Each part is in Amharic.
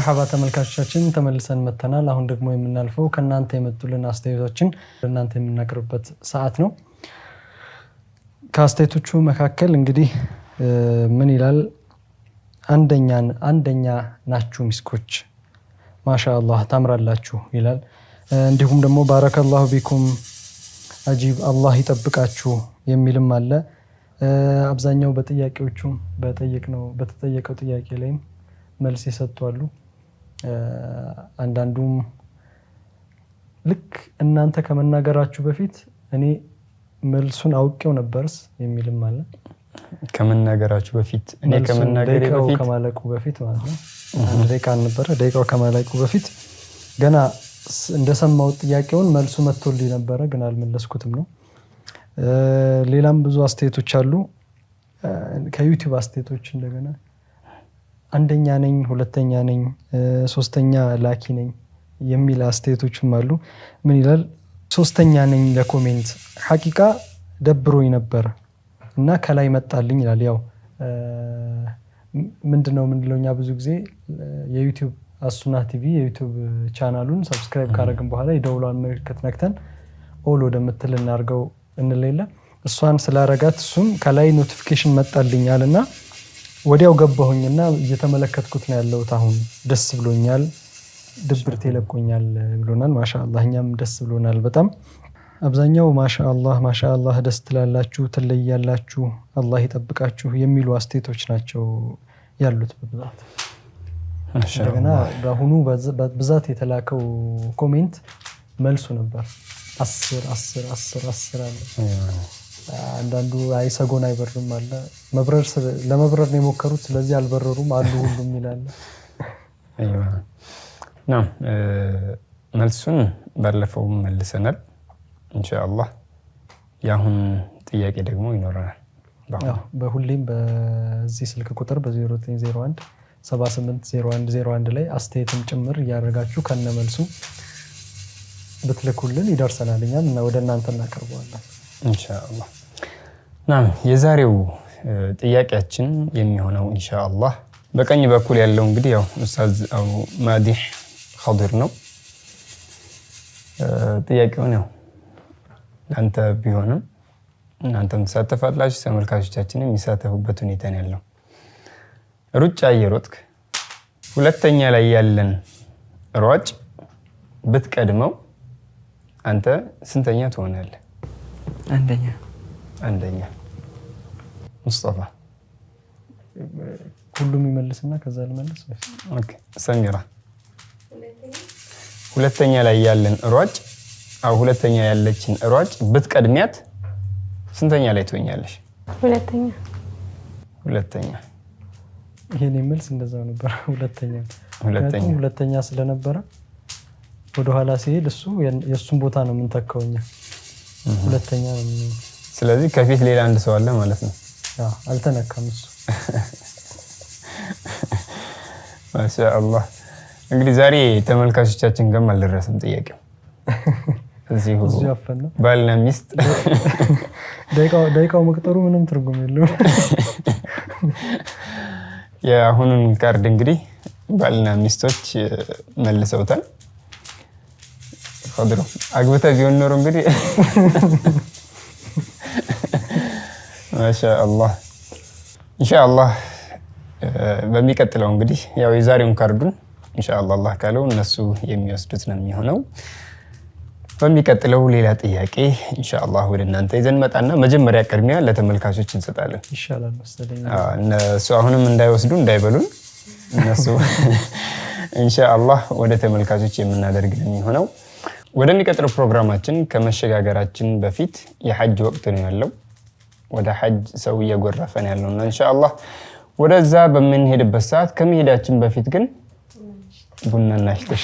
መርሐባ ተመልካቾቻችን ተመልሰን መተናል። አሁን ደግሞ የምናልፈው ከእናንተ የመጡልን አስተያየቶችን ለእናንተ የምናቀርብበት ሰዓት ነው። ከአስተያየቶቹ መካከል እንግዲህ ምን ይላል? አንደኛን አንደኛ ናችሁ ሚስኮች ማሻ አላህ ታምራላችሁ ይላል። እንዲሁም ደግሞ ባረከላሁ ቢኩም አጂብ አላህ ይጠብቃችሁ የሚልም አለ። አብዛኛው በጥያቄዎቹ በጠየቅነው በተጠየቀው ጥያቄ ላይም መልስ የሰጥቷሉ። አንዳንዱም ልክ እናንተ ከመናገራችሁ በፊት እኔ መልሱን አውቄው ነበርስ የሚልም አለ። ከመናገራችሁ በፊት እኔ ከመናገሬ ከማለቁ በፊት ማለት ነው። አንድ ደቂቃ አልነበረ ደቂቃው ከማለቁ በፊት ገና እንደሰማው ጥያቄውን መልሱ መጥቶልኝ ነበረ፣ ግን አልመለስኩትም ነው። ሌላም ብዙ አስተያየቶች አሉ ከዩቲዩብ አስተያየቶች እንደገና አንደኛ ነኝ ሁለተኛ ነኝ ሶስተኛ ላኪ ነኝ የሚል አስተያየቶችም አሉ። ምን ይላል ሶስተኛ ነኝ ለኮሜንት ሐቂቃ ደብሮኝ ነበር እና ከላይ መጣልኝ ይላል። ያው ምንድነው ምንለው እኛ ብዙ ጊዜ የዩቲዩብ አሱና ቲቪ የዩቲዩብ ቻናሉን ሰብስክራይብ ካደረግን በኋላ የደውሏን ምልክት ነክተን ኦል ወደምትል እናድርገው እንል እሷን ስላረጋት እሱም ከላይ ኖቲፊኬሽን መጣልኛል እና ወዲያው ገባሁኝና እየተመለከትኩት ነው ያለሁት። አሁን ደስ ብሎኛል፣ ድብርት ይለቆኛል ብሎናል። ማሻአላህ እኛም ደስ ብሎናል በጣም አብዛኛው ማሻአላህ ማሻአላህ ደስ ትላላችሁ፣ ትለያላችሁ፣ አላህ ይጠብቃችሁ የሚሉ አስቴቶች ናቸው ያሉት በብዛት። እንደገና በአሁኑ ብዛት የተላከው ኮሜንት መልሱ ነበር አስር አስር አስር አስር አለ አንዳንዱ አይ ሰጎን አይበርም አለ። መብረር ለመብረር ነው የሞከሩት ስለዚህ አልበረሩም አሉ ሁሉም ይላል። መልሱን ባለፈው መልሰናል። ኢንሻአላህ የአሁን ጥያቄ ደግሞ ይኖረናል። በሁሌም በዚህ ስልክ ቁጥር በ0901 780101 ላይ አስተያየትም ጭምር እያደረጋችሁ ከነመልሱ ብትልኩልን ይደርሰናል። እኛም ወደ እናንተ እናቀርበዋለን ኢንሻአላህ። የዛሬው ጥያቄያችን የሚሆነው ኢንሻአላህ በቀኝ በኩል ያለው እንግዲህ ያው ኡስታዝ ማዲህ ኸድር ነው። ጥያቄውን ያው ለአንተ ቢሆንም እናንተም ትሳተፋላችሁ፣ ተመልካቾቻችንም የሚሳተፉበት ሁኔታ ነው ያለው። ሩጫ እየሮጥክ ሁለተኛ ላይ ያለን ሯጭ ብትቀድመው አንተ ስንተኛ ትሆናለህ? አንደኛ አንደኛ ሙስጠፋ ሁሉም ይመልስና ከዛ ልመልስ። ኦኬ ሰሚራ፣ ሁለተኛ ላይ ያለን ሯጭ አው ሁለተኛ ያለችን ሯጭ ብትቀድሚያት ስንተኛ ላይ ትሆኛለሽ? ሁለተኛ ሁለተኛ። ይሄን መልስ እንደዛው ነበር። ሁለተኛ ሁለተኛ ሁለተኛ ስለነበረ ወደኋላ ሲሄድ እሱ የእሱን ቦታ ነው የምንተካውኛ። ሁለተኛ ነው። ስለዚህ ከፊት ሌላ አንድ ሰው አለ ማለት ነው። አልተነካም። እሱ ማሻአላህ። እንግዲህ ዛሬ ተመልካቾቻችን ገም አልደረስም። ጥያቄው እዚሁ ባልና ሚስት ደቂቃው መቅጠሩ ምንም ትርጉም የለውም። የአሁኑን ካርድ እንግዲህ ባልና ሚስቶች መልሰውታል። ድሮ አግብተህ ቢሆን ኖሮ እንግዲህ ማሻአላህ ኢንሻአላህ በሚቀጥለው እንግዲህ ያው የዛሬውን ካርዱን ኢንሻአላህ አላህ ካለው እነሱ የሚወስዱት ነው የሚሆነው። በሚቀጥለው ሌላ ጥያቄ ኢንሻአላህ ወደ እናንተ ይዘን መጣና መጀመሪያ ቅድሚያ ለተመልካቾች እንሰጣለን። እነሱ አሁንም እንዳይወስዱ እንዳይበሉን እነሱ ኢንሻአላህ ወደ ተመልካቾች የምናደርግ ነው የሚሆነው። ወደሚቀጥለው ፕሮግራማችን ከመሸጋገራችን በፊት የሐጅ ወቅት ነው ያለው። ወደ ሐጅ ሰው እየጎረፈን ያለው እና ኢንሻአላህ ወደዛ በምንሄድበት ሰዓት ከመሄዳችን በፊት ግን ቡና እናሽተሽ።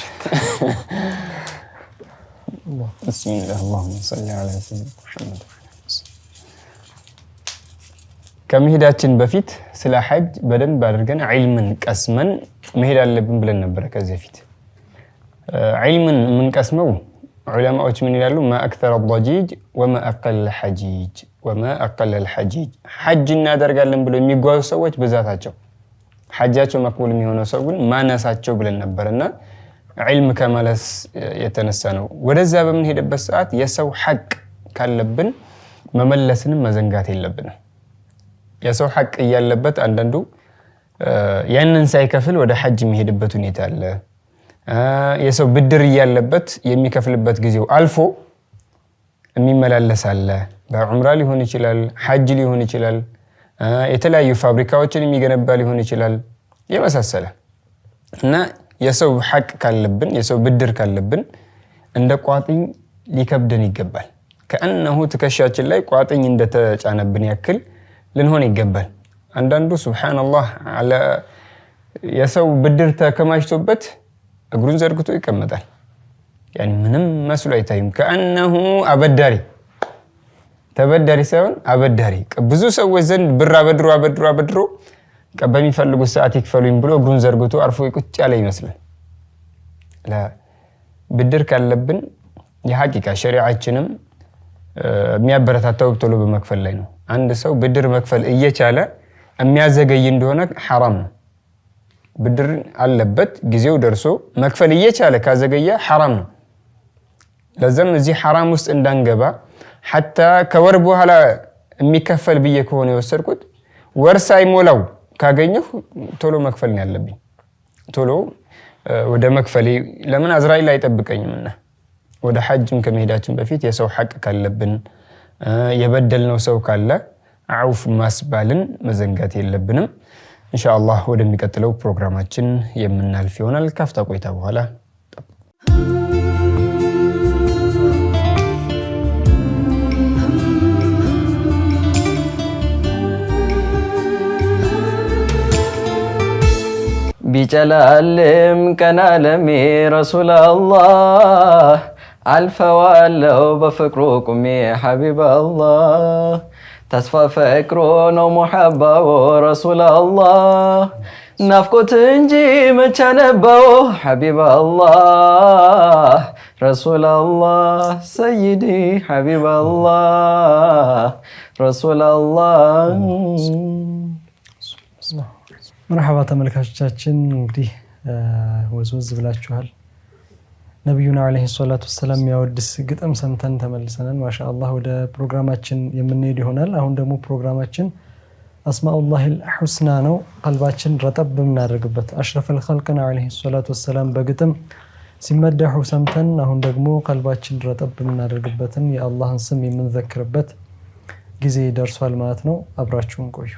ከመሄዳችን በፊት ስለ ሐጅ በደንብ አድርገን ዒልምን ቀስመን መሄድ አለብን ብለን ነበረ ከዚህ በፊት ዒልምን የምንቀስመው ዑለማዎች ምን ይላሉ? ማ አክተረ ضጂጅ ወማ አቀለ ሐጂጅ ወማ አቀለ ልሐጂጅ ሐጅ እናደርጋለን ብለው የሚጓዙ ሰዎች ብዛታቸው ሐጃቸው መቅቡል የሚሆነው ሰው ግን ማነሳቸው ብለን ነበርና እና ዒልም ከማለስ የተነሳ ነው። ወደዛ በምንሄደበት ሰዓት የሰው ሐቅ ካለብን መመለስንም መዘንጋት የለብንም። የሰው ሐቅ እያለበት አንዳንዱ ያንን ሳይከፍል ወደ ሐጅ የሚሄድበት ሁኔታ አለ። የሰው ብድር እያለበት የሚከፍልበት ጊዜው አልፎ የሚመላለስ አለ። በዑምራ ሊሆን ይችላል፣ ሐጅ ሊሆን ይችላል፣ የተለያዩ ፋብሪካዎችን የሚገነባ ሊሆን ይችላል የመሳሰለ እና የሰው ሐቅ ካለብን የሰው ብድር ካለብን እንደ ቋጥኝ ሊከብደን ይገባል። ከእነሁ ትከሻችን ላይ ቋጥኝ እንደተጫነብን ያክል ልንሆን ይገባል። አንዳንዱ ሱብሓነላህ የሰው ብድር ተከማችቶበት እግሩን ዘርግቶ ይቀመጣል። ምንም መስሎ አይታይም። ከአነሁ አበዳሪ ተበዳሪ ሳይሆን አበዳሪ። ብዙ ሰዎች ዘንድ ብር አበድሮ አበድሮ አበድሮ በሚፈልጉት ሰዓት ይክፈሉኝ ብሎ እግሩን ዘርግቶ አርፎ ቁጭ ያለ ይመስላል። ብድር ካለብን የሐቂቃ ሸሪዓችንም የሚያበረታታው በመክፈል ላይ ነው። አንድ ሰው ብድር መክፈል እየቻለ የሚያዘገይ እንደሆነ ሐራም ነው። ብድር አለበት ጊዜው ደርሶ መክፈል እየቻለ ካዘገየ ሐራም ነው። ለዛም እዚህ ሐራም ውስጥ እንዳንገባ ሐታ ከወር በኋላ የሚከፈል ብዬ ከሆነ የወሰድኩት ወር ሳይሞላው ካገኘሁ ቶሎ መክፈል ነው ያለብኝ። ቶሎ ወደ መክፈሌ ለምን አዝራይል አይጠብቀኝምና ወደ ሐጅም ከመሄዳችን በፊት የሰው ሐቅ ካለብን የበደልነው ሰው ካለ አውፍ ማስባልን መዘንጋት የለብንም። እንሻአላህ ወደሚቀጥለው ፕሮግራማችን የምናልፍ ይሆናል። ካፍታ ቆይታ በኋላ ቢጨላልም ቀና አለሜ ረሱል አላህ አልፈዋለው በፍቅሩ ቁሜ ሐቢብ አላህ تصفى فكرون ومحبة ورسول الله نفقت تنجي متنبو حبيب الله رسول الله سيدي حبيب الله رسول الله مرحبا تملك هاشتاتشن ودي وزوز بلاتشوهل ነቢዩን ዓለይሂ ሰላቱ ወሰላም ያወድስ ግጥም ሰምተን ተመልሰናል። ማሻ ወደ ፕሮግራማችን የምንሄድ ይሆናል። አሁን ደግሞ ፕሮግራማችን አስማኡላሂል ልሑስና ነው። ቀልባችን ረጠብ የምናደርግበት አሽረፍ ልከልቅን ዓለይሂ ሰላቱ ወሰላም በግጥም ሲመደሑ ሰምተን አሁን ደግሞ ቀልባችን ረጠብ የምናደርግበትን የአላህን ስም የምንዘክርበት ጊዜ ደርሷል ማለት ነው። አብራችሁን ቆዩ።